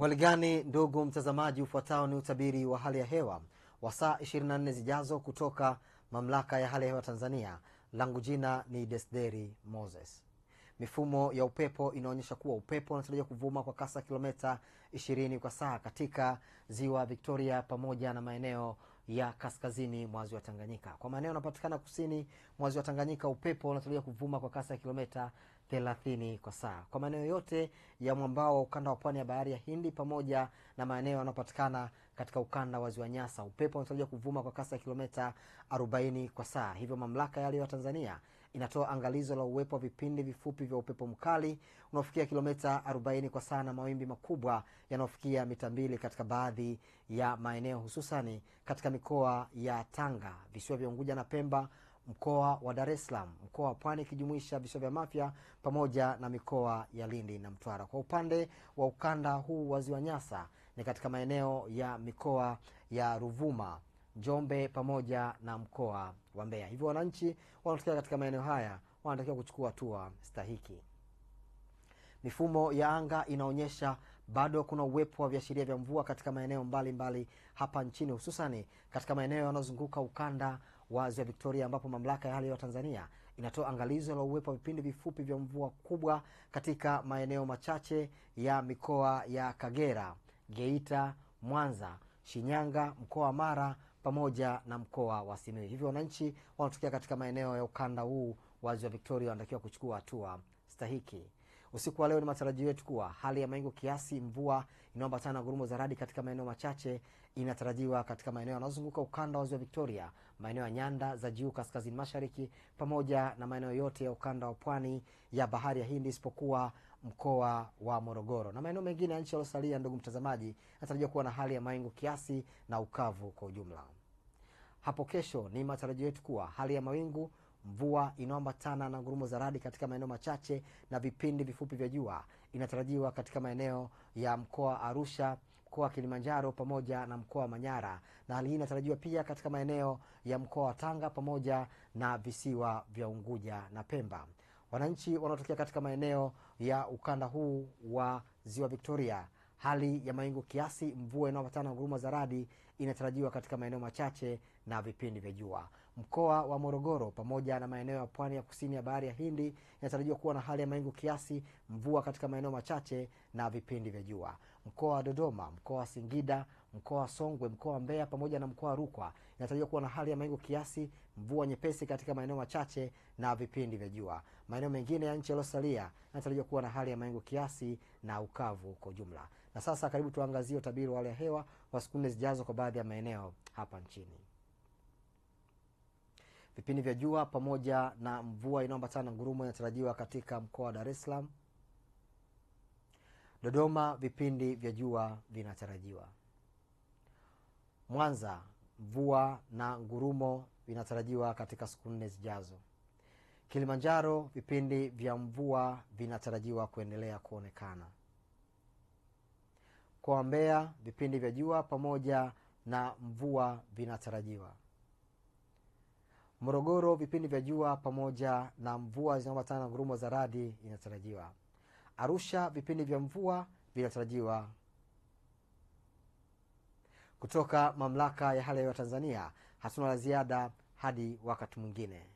Hualigani ndugu mtazamaji, ufuatao ni utabiri wa hali ya hewa wa saa 24 zijazo kutoka mamlaka ya hali ya hewa Tanzania. Langu jina ni Desderi Moses. Mifumo ya upepo inaonyesha kuwa upepo unatarajia kuvuma kwa kasi ya 20 kwa saa katika ziwa Victoria pamoja na maeneo ya kaskazini mwa ziwa Tanganyika. Kwa maeneo yanapatikana kusini mwa ziwa Tanganyika, upepo unatarajiwa kuvuma kwa kasi ya kilomita 30 kwa saa. Kwa maeneo yote ya mwambao wa ukanda wa pwani ya bahari ya Hindi pamoja na maeneo yanayopatikana katika ukanda wa ziwa Nyasa, upepo unatarajiwa kuvuma kwa kasi ya kilomita 40 kwa saa. Hivyo mamlaka ya ya Tanzania inatoa angalizo la uwepo wa vipindi vifupi vya upepo mkali unaofikia kilomita 40 kwa saa na mawimbi makubwa yanayofikia mita mbili katika baadhi ya maeneo hususani katika mikoa ya Tanga, visiwa vya Unguja na Pemba, mkoa wa Dar es Salaam, mkoa wa Pwani ikijumuisha visiwa vya Mafia pamoja na mikoa ya Lindi na Mtwara. Kwa upande wa ukanda huu wa Ziwa Nyasa ni katika maeneo ya mikoa ya Ruvuma Njombe pamoja na mkoa wa Mbeya. Hivyo wananchi wanaotokea katika maeneo haya wanatakiwa kuchukua hatua stahiki. Mifumo ya anga inaonyesha bado kuna uwepo wa viashiria vya mvua katika maeneo mbalimbali hapa nchini, hususani katika maeneo yanayozunguka ukanda wa ziwa Victoria, ambapo mamlaka ya hali ya Tanzania inatoa angalizo la uwepo wa vipindi vifupi vya mvua kubwa katika maeneo machache ya mikoa ya Kagera, Geita, Mwanza, Shinyanga, mkoa wa Mara pamoja na mkoa wa Simiyu. Hivyo wananchi wanaotokea katika maeneo ya ukanda huu wa Ziwa Victoria wanatakiwa kuchukua hatua stahiki. Usiku wa leo ni matarajio yetu kuwa hali ya mawingu kiasi, mvua inayoambatana na ngurumo za radi katika maeneo machache inatarajiwa katika maeneo yanayozunguka ukanda wa ziwa Victoria, maeneo ya nyanda za juu kaskazini mashariki, pamoja na maeneo yote ya ukanda wa pwani ya bahari ya Hindi isipokuwa mkoa wa Morogoro na maeneo mengine ya nchi yaliyosalia. Ndugu mtazamaji, natarajiwa kuwa na hali ya mawingu kiasi na ukavu kwa ujumla. Hapo kesho ni matarajio yetu kuwa hali ya mawingu Mvua inayoambatana na ngurumo za radi katika maeneo machache na vipindi vifupi vya jua inatarajiwa katika maeneo ya mkoa wa Arusha, mkoa wa Kilimanjaro pamoja na mkoa wa Manyara, na hali hii inatarajiwa pia katika maeneo ya mkoa wa Tanga pamoja na visiwa vya Unguja na Pemba. Wananchi wanaotokea katika maeneo ya ukanda huu wa ziwa Victoria, hali ya mawingu kiasi, mvua inayoambatana na ngurumo za radi inatarajiwa katika maeneo machache na vipindi vya jua. Mkoa wa Morogoro pamoja na maeneo ya pwani ya kusini ya bahari ya Hindi inatarajiwa kuwa na hali ya mawingu kiasi, mvua katika maeneo machache na vipindi vya jua. Mkoa wa Dodoma, mkoa wa Singida mkoa wa Songwe, mkoa wa Mbeya pamoja na mkoa wa Rukwa inatarajiwa kuwa na hali ya mawingu kiasi, mvua nyepesi katika maeneo machache na vipindi vya jua. Maeneo mengine ya nchi yaliyosalia inatarajiwa kuwa na hali ya mawingu kiasi na ukavu kwa ujumla. Na sasa karibu tuangazie utabiri wa hali ya hewa wa siku nne zijazo kwa baadhi ya maeneo hapa nchini. Vipindi vya jua pamoja na mvua inayoambatana na ngurumo inatarajiwa katika mkoa wa Dar es Salaam. Dodoma, vipindi vya jua vinatarajiwa. Mwanza, mvua na ngurumo vinatarajiwa katika siku nne zijazo. Kilimanjaro, vipindi vya mvua vinatarajiwa kuendelea kuonekana. Kwa Mbeya, vipindi vya jua pamoja na mvua vinatarajiwa. Morogoro, vipindi vya jua pamoja na mvua zinazoambatana na ngurumo za radi inatarajiwa. Arusha, vipindi vya mvua vinatarajiwa kutoka mamlaka ya hali ya hewa Tanzania, hatuna la ziada hadi wakati mwingine.